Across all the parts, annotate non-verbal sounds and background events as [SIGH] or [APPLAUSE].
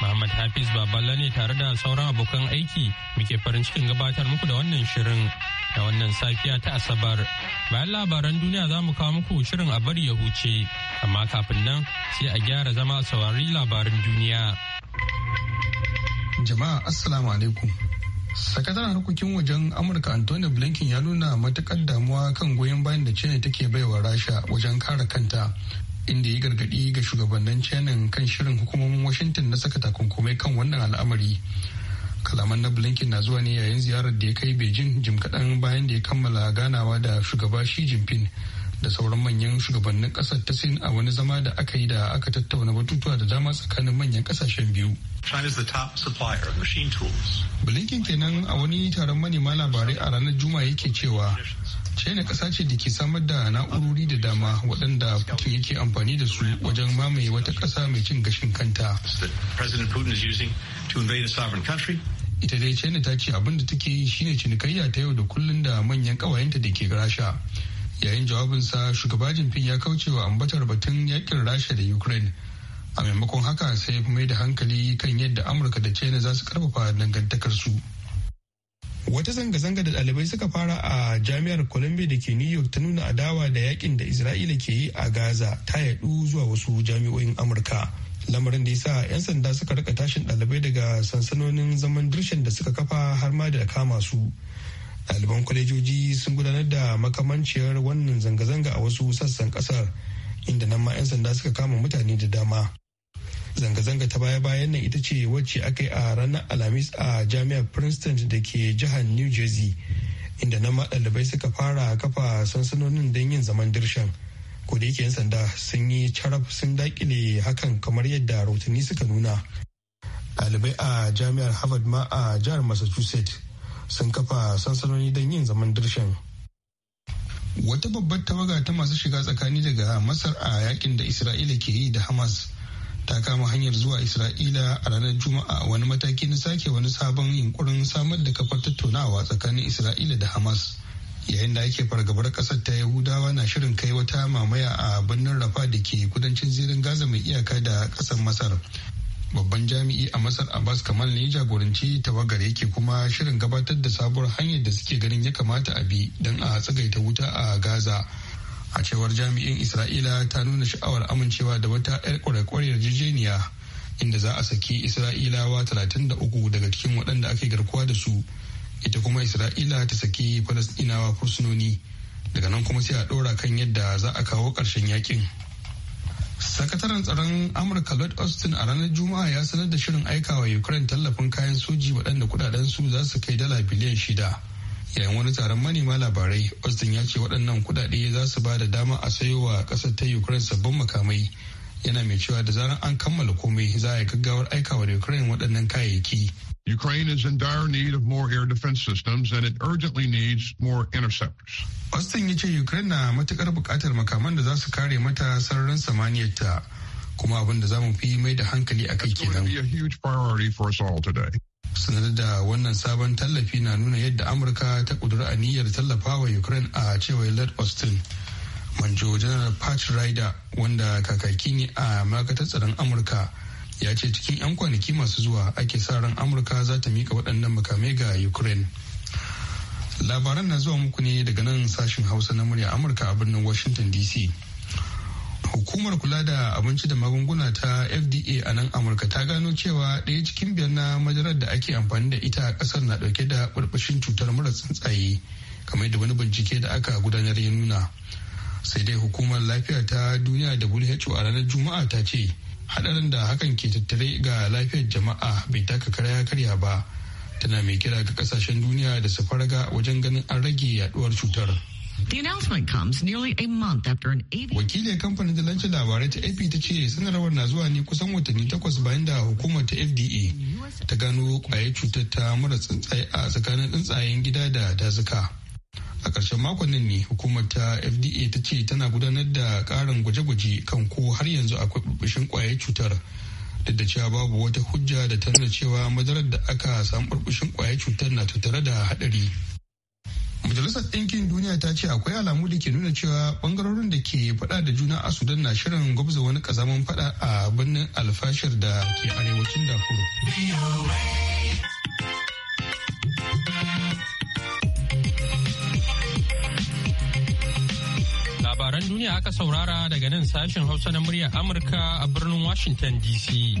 Muhammad Hafiz Baballa ne tare da sauran abokan aiki muke farin cikin gabatar muku da wannan shirin da wannan safiya ta Asabar. Bayan labaran duniya za mu kawo muku shirin a bari ya huce, amma kafin nan sai a gyara zama saurari labaran duniya. Jama'a Assalamu alaikum. Sakataren harkokin wajen Amurka Antonio Blinken ya nuna matukar damuwa kan goyon bayan da China take baiwa Rasha wajen kare kanta inda ya gargadi ga shugabannin canin kan shirin hukumomin washington na saka takunkumai kan wannan al'amari kalaman na blinken na zuwa ne yayin ziyarar da ya kai beijing jim kaɗan bayan da ya kammala ganawa da shugaba shi jinping da sauran manyan shugabannin ƙasar ta sin a wani zama da aka yi da aka tattauna batutuwa da dama tsakanin manyan ƙasashen biyu blinken kenan a wani taron manema labarai a ranar juma'a yake cewa china ƙasa ce da ke samar da na'urori da dama waɗanda putin yake amfani da su wajen mamaye wata ƙasa mai cin gashin kanta ita dai china ta ce abin da take yi shine cinikayya ta yau da kullun da manyan ƙawayenta da ke rasha yayin jawabinsa shugaba jinping ya kauce wa ambatar batun yakin rasha da ukraine a maimakon haka sai mai da hankali kan yadda amurka da china za su karfafa dangantakar su wata zanga-zanga da ɗalibai suka fara a jami'ar columbia da ke new york ta nuna adawa da yakin da isra'ila ke yi a gaza ta yadu zuwa wasu jami'o'in amurka lamarin da ya sa 'yan sanda suka rika tashin ɗalibai daga sansanonin zaman dirshin da suka kafa har ma da kama su ɗaliban kwalejoji sun gudanar da makamanciyar wannan zanga-zanga a wasu sassan kasar inda nan ma 'yan sanda suka kama mutane da dama Zanga-zanga ta baya-bayan nan ita ce wacce aka yi a ranar Alhamis a jami'ar Princeton da ke jihar New Jersey, inda na ɗalibai suka fara kafa sansanonin don yin zaman dirshan. Ko da yake 'yan sanda sun yi carab sun dakile hakan kamar yadda rahotanni suka nuna. Ɗalibai a jami'ar Harvard ma a jihar Massachusetts sun kafa sansanoni don yin zaman dirshan. Wata babbar tawaga ta masu shiga tsakani daga Masar a yakin da Isra'ila ke yi da Hamas ta kama hanyar zuwa isra'ila a ranar juma'a wani mataki na sake wani sabon yunkurin samar da kafar tattaunawa tsakanin isra'ila da hamas yayin da ake fargabar kasar ta yahudawa na shirin kai wata mamaya a birnin rafa da ke kudancin zirin gaza mai iyaka da kasar masar babban jami'i a masar abbas kamal ne jagoranci tawagar yake kuma shirin gabatar da sabuwar hanyar da suke ganin ya kamata a bi don a tsagaita wuta a gaza a cewar jami'in isra'ila ta nuna sha'awar amincewa da wata 'yar kwarekwariyar yarjejeniya inda za a saki isra'ilawa 33 daga cikin waɗanda ake garkuwa da su ita kuma isra'ila ta saki falasɗinawa fursunoni daga nan kuma sai a ɗora kan yadda za a kawo ƙarshen yakin sakataren tsaron amurka lord austin a ranar juma'a ya sanar da shirin aikawa ukraine tallafin kayan soji waɗanda kudaden su za su kai dala biliyan shida yayin wani taron manema labarai austin ya ce waɗannan kuɗaɗe za su ba da dama a sayo wa ƙasar ta ukraine sabbin makamai yana mai cewa da zarar an kammala komai za a yi gaggawar aikawa da ukraine waɗannan kayayyaki Ukraine is in dire need of more air defense systems and it urgently needs more interceptors. Austin ya ce Ukraine na matukar bukatar makaman da za su kare mata sararin samaniyar ta kuma abin da za mu fi mai da hankali a kai kenan. sanar da wannan sabon tallafi na nuna yadda amurka ta kudura aniyar tallafa wa ukraine a cewar lord austin manjo janar pat ryder wanda kakaki ne a makatar tsaron amurka ya ce cikin 'yan kwanaki masu zuwa ake sa ran amurka za ta mika waɗannan makamai ga ukraine labaran na zuwa muku ne daga nan sashen hausa na murya amurka a birnin washington dc hukumar kula da abinci da magunguna ta fda a nan amurka ta gano cewa ɗaya cikin biyar na madarar da ake amfani da ita a ƙasar na ɗauke da ɓarɓashin cutar mura tsuntsaye kamar da wani bincike da aka gudanar ya nuna sai dai hukumar lafiya ta duniya da who a ranar juma'a ta ce haɗarin da hakan ke tattare ga lafiyar jama'a bai taka karya karya ba tana mai kira ga ƙasashen duniya da su faraga wajen ganin an rage yaduwar cutar. The announcement comes nearly a month after an Wakilin kamfanin dalancin labarai ta AP ta ce sanarwar na zuwa ne kusan watanni takwas bayan da hukumar ta FDA ta gano kwayar cutar ta mura tsuntsaye a tsakanin tsuntsayen gida da dazuka. A ƙarshen makon nan ne hukumar ta FDA ta ce tana gudanar da ƙarin gwaje-gwaje kan ko har yanzu akwai burbushin kwayar cutar. Duk da cewa babu wata hujja da ta nuna cewa madarar da aka samu burbushin kwayar cutar na tattare da haɗari. Majalisar Ɗinkin Duniya ta ce akwai alamu da ke nuna cewa bangarorin da ke fada da juna a Sudan na shirin gwabza wani kazaman fada a birnin alfashar da ke arewacin Darfur. Labaran duniya aka saurara daga nan sashen Hausa na muryar Amurka a birnin Washington DC.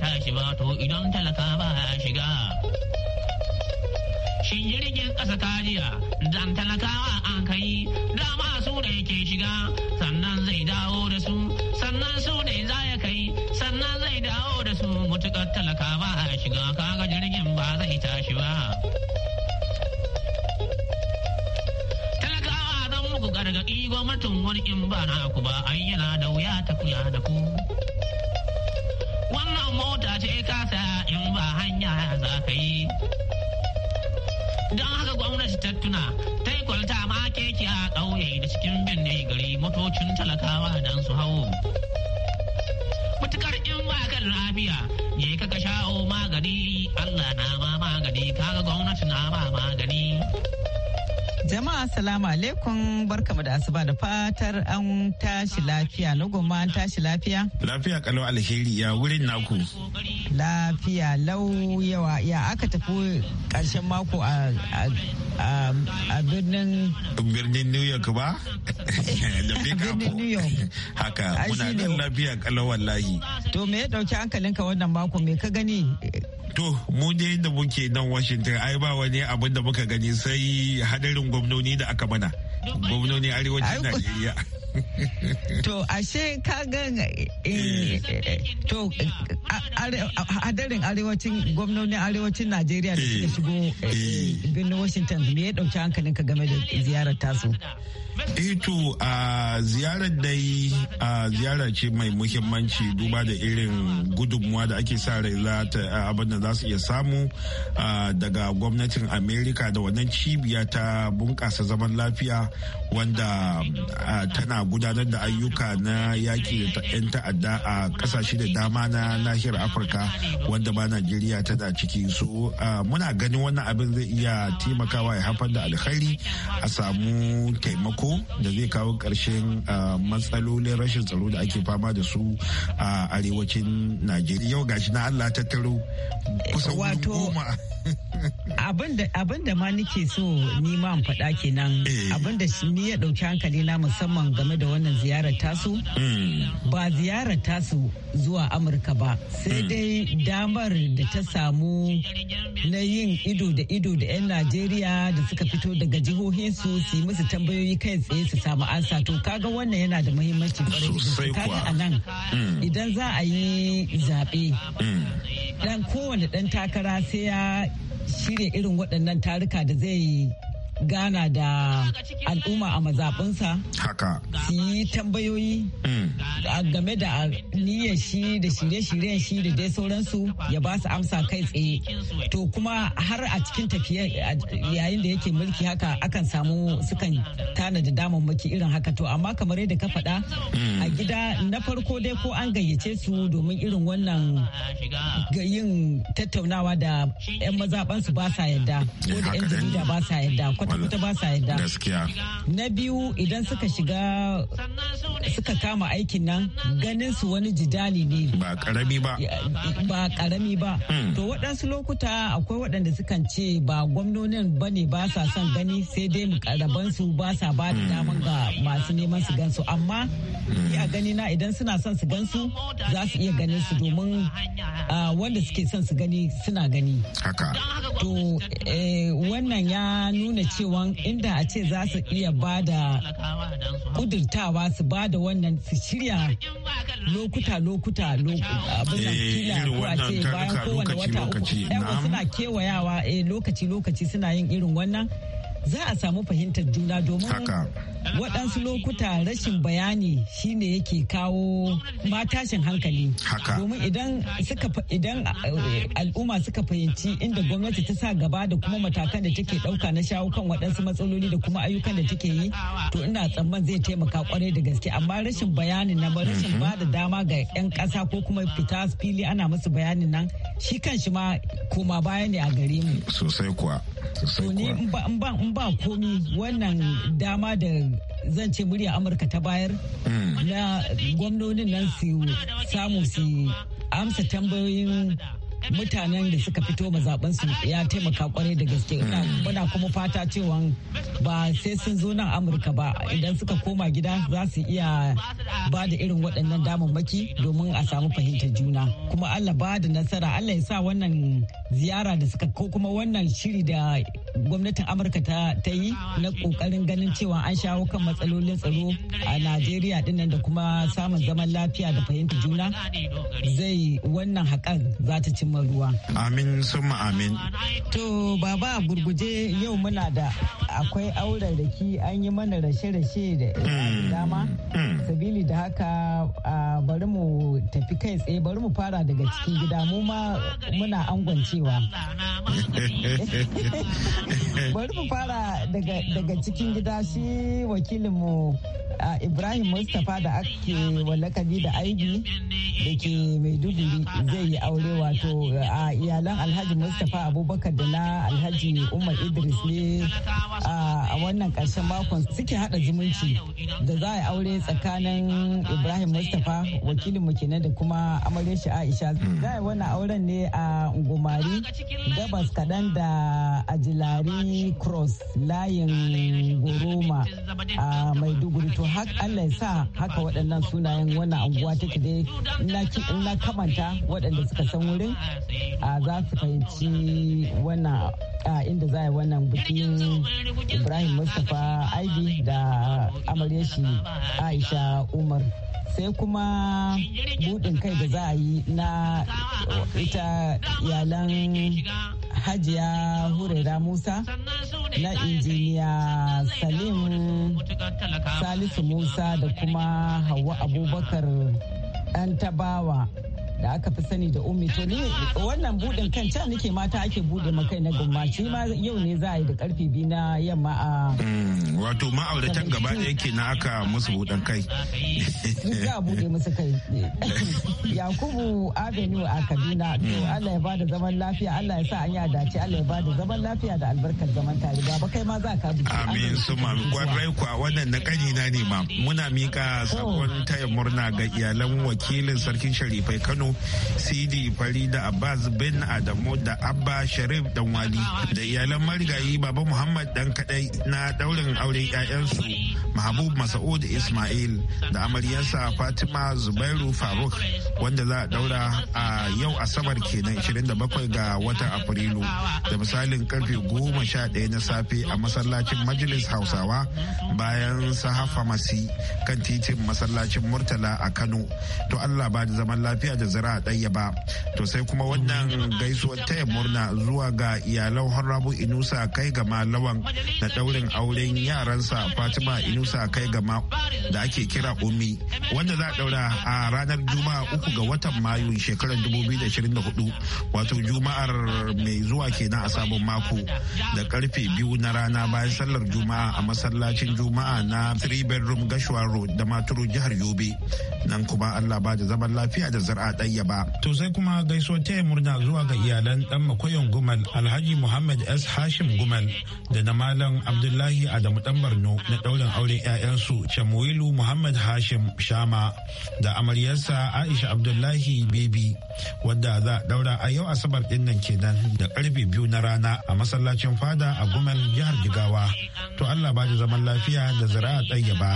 ta to idan talaka ba ya shiga. Shin jirgin ƙasa jiya dan talakawa an kai dama su ne ke shiga sannan zai dawo da su sannan su ne za ya kai sannan zai dawo da su mutuƙar talaka ba ya shiga kaga jirgin ba zai tashi ba. Talakawa zan muku gargaɗi gwamnatin wani in ba na ku ba an yana da wuya ta kula da ku. kasa in ba hanya za ka yi don haka gwamnati ta tuna ta yi kwalta ma keke a ƙauye da cikin binne gari motocin talakawa don su hau mutukar in ba kan lafiya ne ka ka sha'o magani allah na ma magani kaga gwamnati na ma magani Jama'a salamu alaikum barkamu da asuba da fatar an tashi lafiya na goma an tashi lafiya. Lafiya kalau alheri ya wurin naku. lafiya lau yawa ya aka tafi karshen mako a birnin birnin new york ba da [LAUGHS] new york haka muna kan lafiya kalau wallahi to me ya dauki hankalinka wannan mako me ka gani to mu ne da muke nan washington ai ba wani abin da muka gani sai hadarin gwamnoni da aka mana gwamnoni arewacin najeriya to ashe ka gan eh, eh, to eh, hadarin arewacin gwamnonin arewacin Najeriya da suka shigo birnin Washington me ya dauki hankalinka game da ziyarar tasu? Ito eh a ziyarar dai a ziyara ce mai muhimmanci duba da irin gudunmuwa da ake sa rai abin da za su iya samu daga gwamnatin Amerika da wannan cibiya ta bunƙasa zaman lafiya wanda tana gudanar da ayyuka na yaki da 'yan ta'adda a ƙasashe da dama na nahiyar Afirka wanda ba Najeriya tana ciki su muna ganin wannan abin zai iya taimakawa ya haifar da alkhairi a samu taimako taimako da zai kawo ƙarshen ah, matsalolin rashin tsaro da ake fama da su a arewacin najeriya yau gashi na allah tattaro Wato. goma abin da ma nike so ni ma faɗa kenan eh. abin da ni ya ɗauki hankali na musamman game da wannan ziyarar tasu hmm. ba ziyarar tasu zuwa amurka ba sai hmm. dai damar da ta samu na yin ido da ido da 'yan najeriya da suka fito daga jihohin su yi musu tambayoyi kai tsaye su samu ansa to kaga wannan yana da muhimmanci kwarai a nan hmm. idan za a yi zaɓe dan kowane ɗan takara sai ya shirya irin waɗannan taruka da zai gana da al'umma a mazaɓinsa haka su yi tambayoyi mm. game da niyyar shi da shirye-shiryen shi da dai sauransu ya ba su amsa kai tsaye to kuma har a cikin tafiya yayin da yake mulki haka akan samu sukan tana da damammaki irin haka to amma kamar yadda ka faɗa mm. a gida na farko dai ko an gayyace su domin irin wannan yin tattaunawa da 'yan mazaɓansu ba sa yadda ko da 'yan jarida ba sa yadda kwata gaskiya na biyu idan suka shiga suka kama aikin nan ganin su wani jidali ne ba karami ba ba karami ba hmm. to waɗansu lokuta akwai waɗanda sukan ce ba gwamnonin ba ne ba sa son gani sai dai karaban su ba sa ba da hmm. daman ga masu neman su gansu amma ni a hmm. gani na idan suna son su gansu za su iya ganin su domin wanda suke son su gani suna gani haka to eh, wannan ya nuna cewa inda a ce za su iya ba da kudurtawa su ba da wannan su shirya lokuta lokuta lokuta eh, bayan kowane wata uku suna kewayawa eh, lokaci lokaci suna yin irin wannan za a samu fahimtar juna domin waɗansu lokuta rashin bayani shine yake kawo matashin hankali domin idan eh, al'umma suka fahimci inda gwamnati ta sa gaba da kuma matakan da take ɗauka na shawo kan waɗansu matsaloli da kuma ayyukan da take yi to ina tsamman zai taimaka kwarai da gaske amma rashin bayanin na rashin mhm. ba da dama ga 'yan ƙasa ko kuma fita fili ana musu bayanin nan shi kan shi ma koma baya ne a gare mu sosai kuwa so ni ba komi wannan dama da zan ce murya amurka ta bayar hmm. na gwamnonin nan su samu su amsa tambayoyin mutanen da suka fito su ya taimaka kwarai da gaske muna kuma fata cewa ba sai sun zo nan amurka ba idan suka koma gida za su iya ba da irin waɗannan damammaki domin a samu fahimtar juna kuma allah ba da nasara allah ya sa wannan ziyara da suka ko kuma wannan shiri da gwamnatin amurka ta yi na kokarin ganin cewa an shawo kan matsalolin tsaro a najeriya dinnan da kuma samun zaman lafiya da fahimtar juna zai wannan haƙan za ta cimma ruwa amin summa amin to baba a gurguje yau muna da akwai auren raki an yi mana rashe-rashe da hmm. dama hmm. sabili da haka bari mu tafi kai tsaye bari mu fara daga cikin gida mu ma muna angon cewa [LAUGHS] bari mu fara daga cikin gida shi wakilinmu Ibrahim Mustapha da ake wallakabi da aibi da ke Maiduguri zai yi aure wato a iyalan Alhaji Mustapha Abubakar da na Alhaji Umar Idris ne a wannan ƙarshen makon suke haɗa zumunci da za a aure tsakanin Ibrahim Mustapha wakilin mu kenan da kuma amaryar shi Aisha. Hmm. Za a wannan auren ne a Ngumari gabas kaɗan da Ajilari Cross layin Goroma a Maiduguri to hak Allah ya sa haka waɗannan sunayen wannan anguwa take dai na kamanta waɗanda suka san wurin a za su fahimci wannan inda za a yi wannan bikin Ibrahim Mustapha Aidi da amaryar shi Aisha Umar. sai kuma buɗin kai da za a yi na ita iyalan hajiya hurera musa na injiniya salim salisu musa da kuma hawa abubakar ɗan tabawa da aka fi sani da omi to ni wannan buɗin kan can nake mata ake buɗe makai na shi ma yau ne za a yi da karfe biyu na yamma a mm, wato ma'auratan gaba ɗaya ke na aka musu buɗin kai za a buɗe musu kai [LAUGHS] yakubu avenue a kaduna to mm. allah ya bada zaman lafiya allah ya sa an yi dace allah ya bada zaman lafiya da albarkar zaman tare ba kai ma za ka biki amin su ma kwarai kwa wannan na na ne ma muna mika oh. sakon taya murna ga iyalan wakilin sarkin sharifai kano kano sidi farida abbas bin adamu da abba sharif danwali da iyalan marigayi baba muhammad dan kadai na daurin auren 'ya'yansu mahmud masa'ud ismail da amaryarsa fatima zubairu faruk wanda za a daura a yau asabar kenan 27 ga watan afrilu da misalin karfe 11 na safe a masallacin majalis hausawa bayan sahafa masi kan titin masallacin murtala a kano to allah ba da zaman lafiya da zira ɗaya ba to sai kuma wannan gaisuwar taya murna zuwa ga iyalan harabu inusa kai ga malawan da daurin auren yaransa fatima inusa Yunusa kai gama da ake kira Omi wanda za a daura a ranar Juma'a uku ga watan Mayu shekarar 2024 wato Juma'ar mai zuwa kenan a sabon mako da karfe biyu na rana bayan sallar Juma'a a masallacin Juma'a na 3 bedroom Gashua Road da Maturu jihar Yobe nan kuma Allah ba da zaman lafiya da zar'a ɗayya ba. To sai kuma gaisuwar taya murna zuwa ga iyalan dan makoyon Gumal Alhaji Muhammad S Hashim Gumal da na Malam Abdullahi Adamu Dan Barno na ɗaurin aure wajen 'ya'yansu Shamuilu Muhammad Hashim Shama da amaryarsa Aisha Abdullahi Bebi wadda za a daura a yau Asabar din nan kenan da karfe biyu na rana a masallacin fada a Gumel jihar Jigawa. To Allah ba da zaman lafiya da zira'a ɗayyaba.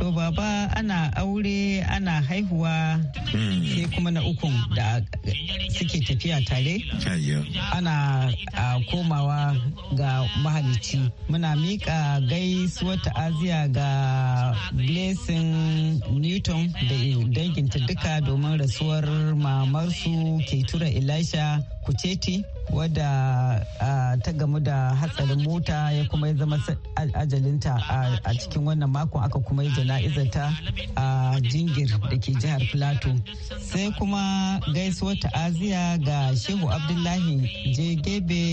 To baba ana aure ana haihuwa hmm. sai kuma na ukun da suke tafiya tare. Ana komawa ga mahalicci muna mika gaisuwar ta'aziya ga blessing newton da danginta duka domin rasuwar mamarsu ke tura elisha kuceti wadda ta gamu da hatsarin mota ya kuma zama ajalinta a cikin wannan makon aka kuma yi jana'izarta a jingir da ke jihar plateau sai kuma gaisuwar ta'aziya ga shehu abdullahi jegebe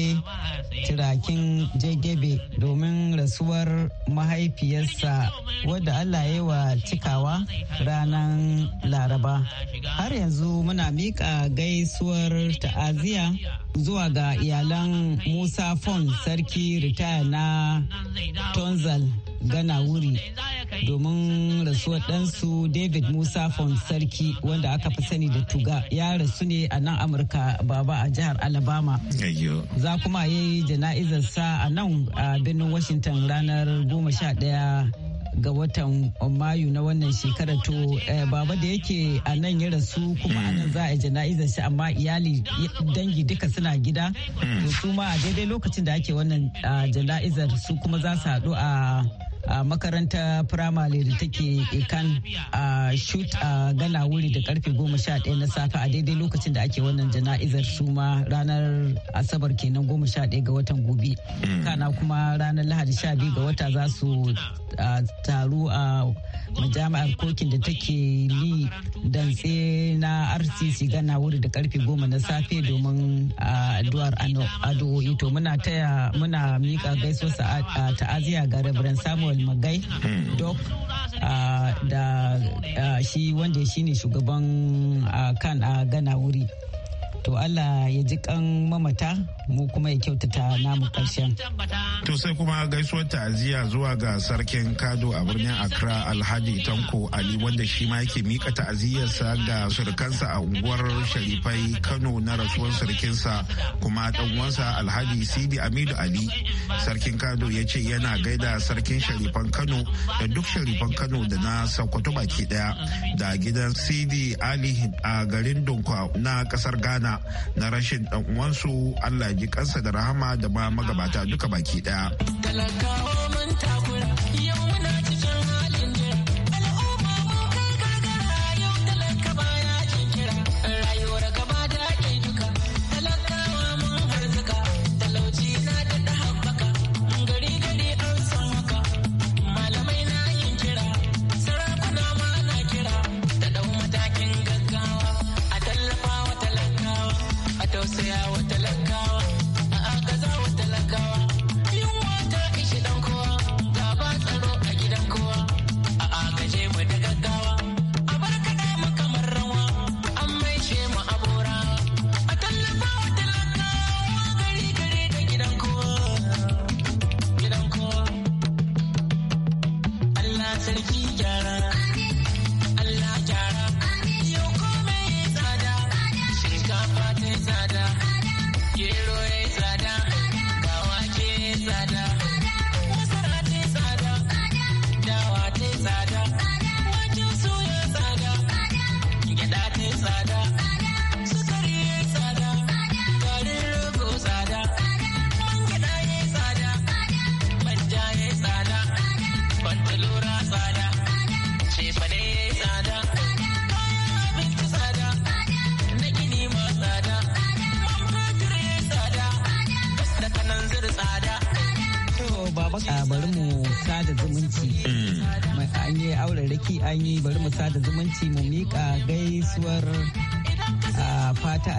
tirakin jegebe domin rasuwar mahaifiyarsa wadda Allah ya wa cikawa ranar Laraba. Har yanzu muna miƙa gaisuwar ta'aziya zuwa ga iyalan Musa Fon sarki ritaya na Tonzal Gana wuri domin rasuwar ɗansu David Musa Fon Sarki wanda aka fi sani da Tuga ya rasu ne a nan Amurka baba a jihar Alabama. Za kuma yi jana'izar sa a nan a birnin Washington ranar 11 ga watan mayu na wannan shekarar to eh, baba da yake a nan ya rasu kuma a nan za a jana'izar shi amma iyali dangi duka suna gida hmm. to su ma a daidai lokacin da ake wannan ah, jana'izar su kuma za su haɗu a a makaranta firamare da take kan a shoot a gana wuri da karfe 11 na safe a daidai lokacin da ake wannan jana'izar suma ranar asabar kenan 11 ga watan gobe mm. kana kuma ranar lahadi sha biyu ga wata za su taru a majami'ar kokin da take li dantse na rcc gana wuri da karfe goma na safe domin addu'ar addu'o'i to muna taya muna mika gaisuwar ta'aziya ga rabaran samuwar. Samuel magai hmm. dok uh, da uh, shi wanda shine shugaban uh, kan a gana wuri to Allah ya ji kan mamata mu kuma ya kyautata namu karshen. To sai kuma gaisuwar ta'aziyya zuwa ga sarkin Kado a birnin Accra Alhaji Tanko Ali wanda shi ma yake mika ta'aziyyarsa ga surukansa a unguwar Sharifai Kano na rasuwar surukinsa kuma dan uwansa Alhaji Sidi Amidu Ali. Sarkin Kado ya ce yana gaida sarkin Sharifan Kano da duk Sharifan Kano da na Sokoto baki daya da gidan Sidi Ali a garin Dunkwa na kasar Ghana na rashin dan uwansu Allah ji kansa da rahama da ba magabata duka baki daya.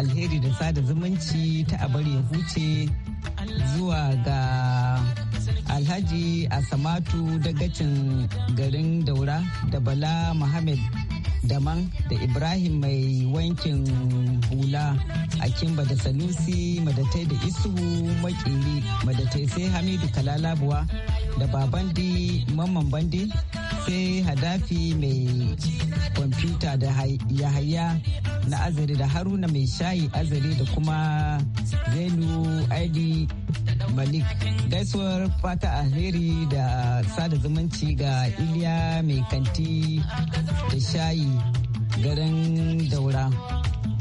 alheri da sada zumunci ta abar ya huce zuwa ga alhaji asamatu dagacin garin daura da bala muhammad daman da ibrahim mai wankin hula a kimba da sanusi madatai da isuhu makiri madatai sai hamidu kalalabuwa da babandi mamman bandi sai hadafi mai kwamfuta da yahaya na azare da haruna mai shayi azare da kuma zainu aidi Malik. Gaisuwar fata alheri da sada zumunci ga Iliya mai kanti da shayi garin daura.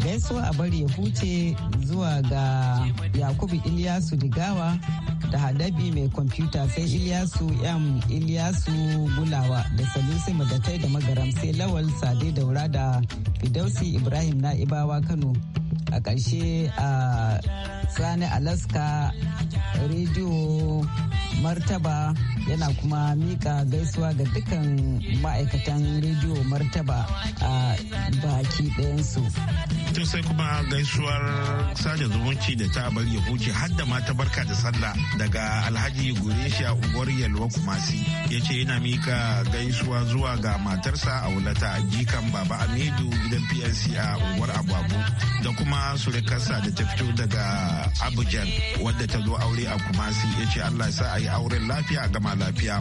Gaisuwa a bari ya huce zuwa ga Yakubu Iliyasu Digawa da Hadabi mai kwamfuta sai Iliyasu M Iliyasu Gulawa da Salisu Madatai da Magaram sai Lawal Sade Daura da Fidausi Ibrahim Na'ibawa Kano. a ƙarshe a sani alaska radio martaba yana kuma mika gaisuwa ga dukkan ma'aikatan radio martaba a baki ɗayansu to sai kuma gaisuwar sada zumunci da ta bar ya huce har da mata barka da sallah daga alhaji Gurisha unguwar yalwa kumasi ya ce yana mika gaisuwa zuwa ga matarsa a wulata jikan baba amidu gidan pnc a unguwar ababu da kuma surikarsa da ta fito daga abujan wadda ta zo aure a kumasi ya ce allah sa a yi auren lafiya gama lafiya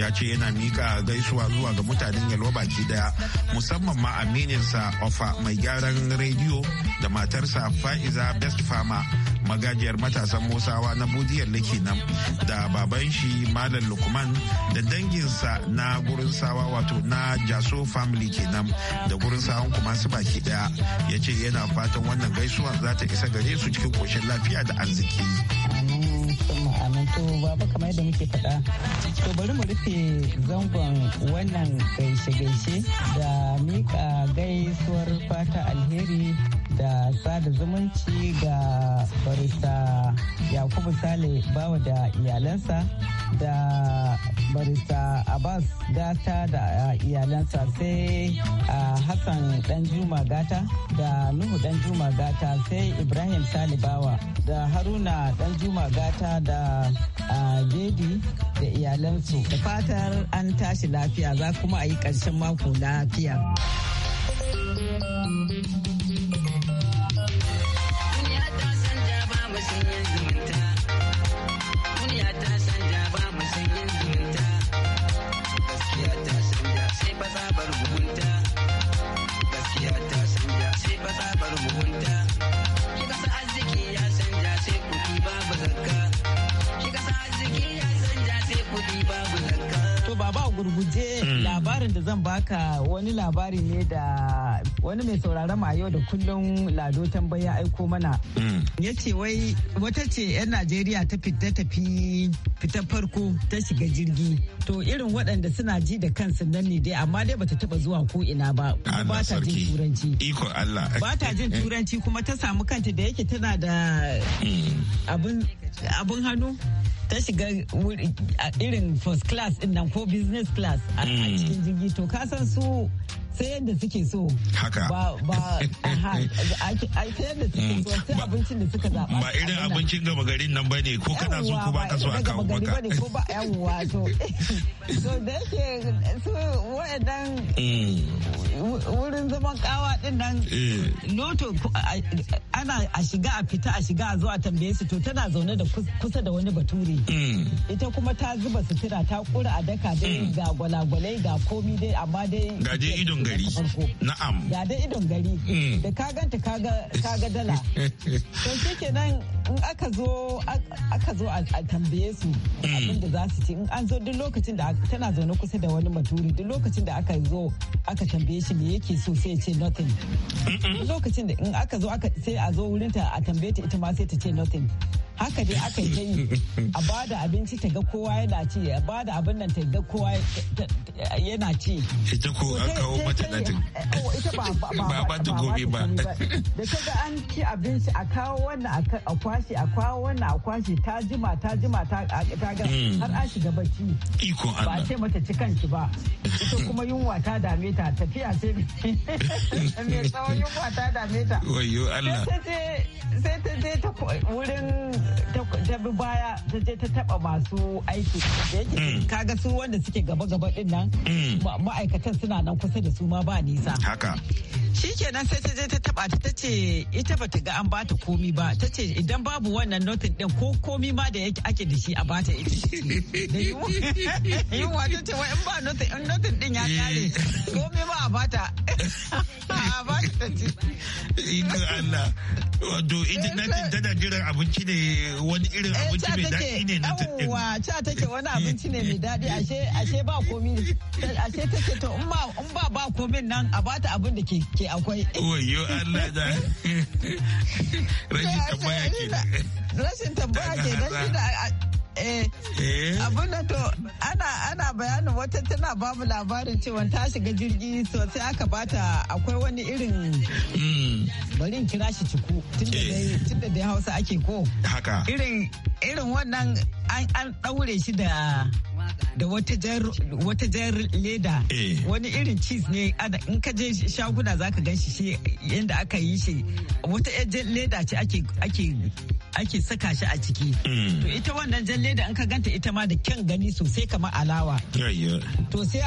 ya ce yana mika gaisuwa zuwa ga mutanen yalwa baki daya musamman ma amininsa ofa mai gyaran rediyo da matarsa fa'iza best fama magajiyar matasan musawa na budiyar likinan da baban shi malam lukman da danginsa na gurin sawa wato na jaso family kenan da gurin sawan kuma su baki daya ya ce yana fatan wannan gaisuwa za ta isa gare su cikin koshin lafiya da arziki to yadda muke faɗa to bari mu rufe zangon wannan gaishe-gaishe da mika gaisuwar fata alheri da sada zumunci ga barista yakubu sale bawa da iyalansa da barista abbas gata da uh, iyalansa sai uh, hassan danjuma gata da nuhu danjuma gata sai ibrahim salibawa da haruna danjuma gata da uh, jedi da iyalansu da fatar an tashi lafiya za kuma a yi ƙarshen mako lafiya. labarin da zan baka wani labari ne da wani mai sauraron ma yau da kullum lado tambaya aiko mana. Hmm. Ya ce wai wata ce 'yan Najeriya ta fita tafi fitar farko ta shiga jirgi To irin waɗanda suna ji da kansu nan ne dai amma dai bata taba zuwa ko ina ba. Ba ta jin turanci. Iko Allah. Ba ta jin eh, eh. turanci kuma ta samu kanta da yake tana da hmm. abin hannu. ta shiga irin first class din nan ko business class a hmm. cikin jirgi to ka san su sai yadda suke so haka ba a sai yadda suke so sai mm. abincin da suka zaba ba irin abincin gaba garin nan bane ko kana so ko baka so a kawo maka ko ba yawwa to so [LAUGHS] da yake su wayannan mm. wurin zaman kawa din nan noto eh. ana a shiga a fita a shiga a zuwa tambaye su to tana zaune da kusa da wani bature mm. ita kuma ta zuba sutura ta kura a daka dai ga gwalagwalai ga komi dai amma dai gaje idon gari na'am ga da idon gari mm. da ka ganta ka ga dala [LAUGHS] to kenan in aka zo aka zo a tambaye su abin da za su ci in an zo duk lokacin da tana zaune kusa da wani maturi duk lokacin da aka zo aka tambaye shi me yake so sai ya ce nothing duk lokacin da in aka zo aka sai a zo wurin ta a tambaye ta ita ma sai ta ce nothing haka dai aka yi a bada abinci ta ga kowa yana ci a bada abin nan ta ga kowa yana ci ita ko an kawo mata natin ba ba ta gobe ba da ta ga an ci abinci a kawo wannan a kwashe a kawo wannan a kwashe ta jima ta jima ta ga hmm. har an shiga bacci ikon Allah ba ce mata ci kanki ba ita kuma yunwa ta dame ta tafiya sai mai [LAUGHS] tsawon yunwa ta dame ta wayo Allah sai ta je ta wurin ta bi baya ta je ta taba masu aiki da yake hmm. kaga su wanda suke gaba gaba din nan hmm. ma'aikatan suna nan kusa da su ma ba nisa haka shikenan sai ta je ta taba ta ce ita ba ta ga an bata komi ba ta ce idan babu wannan notin din ko komi ma da yake ake da shi a bata ita da yiwu [LAUGHS] ta ce wai in ba notin notin din ya kare komi ba [LAUGHS] a bata a bata ta ce idan Allah wato ita notin tana jiran abinci ne wani irin eh, abinci mai daɗi ne notin din yawwa cha take wani abinci ne mai daɗi ashe ashe ba komi ashe take to in ba ba komin nan a bata abin da ke akwai wayo Allah da [LAUGHS] rashin tambaya ke rashin tambaya ke dan shi da eh, eh. abin da to ana ana bayanin wata tana babu labarin cewa ta shiga jirgi sosai aka bata akwai wani irin hmm. barin kira shi ciku tunda da eh. hausa ake ko haka irin wannan an daure shi da da wata jar leda eh. wani irin cheese ne in ka je shaguna za ka ganshi shi yadda aka yi shi wata leda ce ake saka shi a ciki hmm. to ita wannan jayar leda in ka ganta ita ma da kyan gani sosai kamar alawa to sai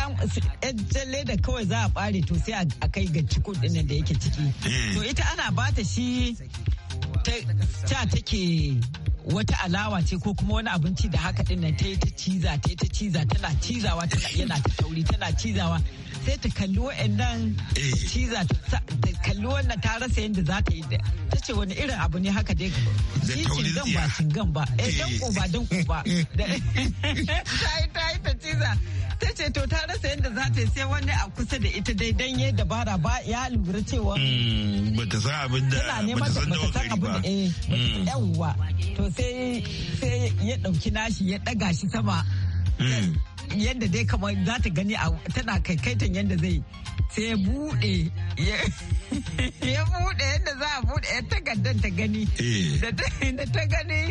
an leda kawai za a bare to sai a kai ga ciko da yake ciki hmm. to ita ana bata shi ta take wata alawa ce ko kuma wani abinci da haka din nan ta yi ta ciza ta yi ta ciza tana cizawa tana yana ta tauri tana cizawa sai ta kalli wa'annan eh. ciza ta kalli wannan ta rasa yadda za ta yi da ta ce wani irin abu ne haka dai shi cingan ba gan ba eh, eh ko ba ko ba [LAUGHS] [LAUGHS] ta yi ta ciza ta ce to ta rasa yadda za ta sai wani a kusa da ita dai dan ya dabara ba ya lura cewa hmm, ba ta san abin da ba ta san da wakari eh, ba hmm. yawwa to sai sai ya dauki nashi ya daga shi sama hmm. yadda dai kamar za ta gani a tana kaikaitan yadda zai sai ya bude ya [LAUGHS] bude yadda za a bude ya takardar ta gani eh. da ta gani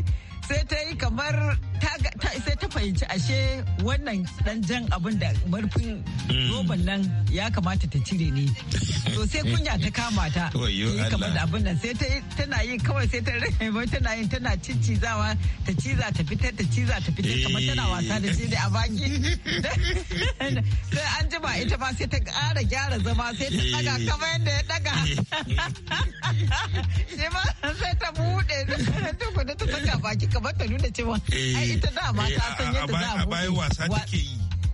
sai ta yi kamar sai ta fahimci ashe wannan dan jan abin da marfin mm. roban nan ya kamata ta cire ne to sai kunya ta kama ta [LAUGHS] kamar da abin nan sai tana yi kawai sai ta rai tana yin tana cicizawa ta ciza ta fitar ta ciza ta fitar kamar tana eh. wasa da shi a baki [LAUGHS] sai an jima ita ma sai ta ƙara gyara zama sai ta daga eh. kamar yadda ya daga eh. [LAUGHS] sai ta buɗe ta ta saka baki kamar ta nuna cewa ai ita dama ta san eh, yadda za a bayan [LAUGHS] wasa take yi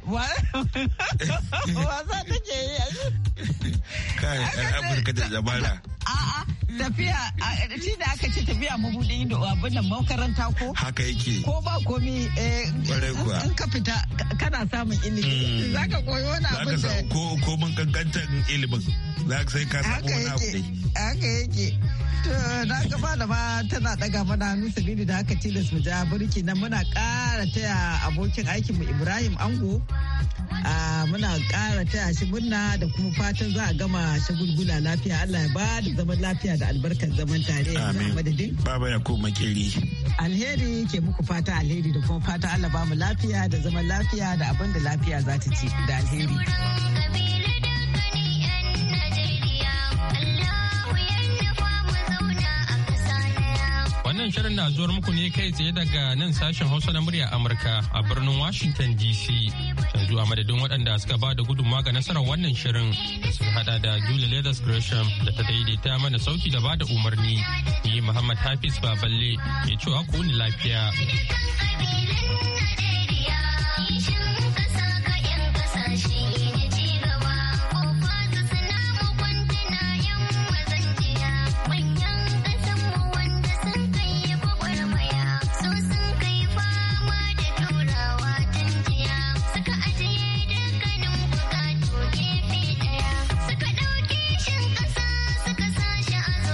wasa take yi da zabara a'a tafiya shi da aka ce tafiya mabudin da abin nan makaranta ko haka yake ko ba komi eh, in ka fita kana samun ilimi hmm. za ka koyi wani abin da ko ko mun kankantar ilimin za ka sai ka samu wani abu haka yake to na ga malama tana daga mana hannu sabili da aka ce da su ja burki nan muna ƙara taya abokin aikinmu Ibrahim Ango muna ƙara taya shi murna da kuma fatan za a gama shagulgula lafiya Allah ya ba da zaman lafiya da albarkar zaman tare yanzu madadin. Baba na koma kiri. Alheri ke muku fata alheri da kuma fata Allah ba mu lafiya da zaman lafiya da abin da lafiya za ta ci da alheri. Wannan shirin na zuwar muku ne kai tsaye daga nan sashen Hausa na murya Amurka a birnin Washington DC. yanzu a madadin waɗanda suka ba da gudunmawa ga nasarar wannan shirin da sun hada da julie leathers gresham da ta daidaita mana sauki da ba da umarni ni muhammad hafiz baballe ke cewa ku ni lafiya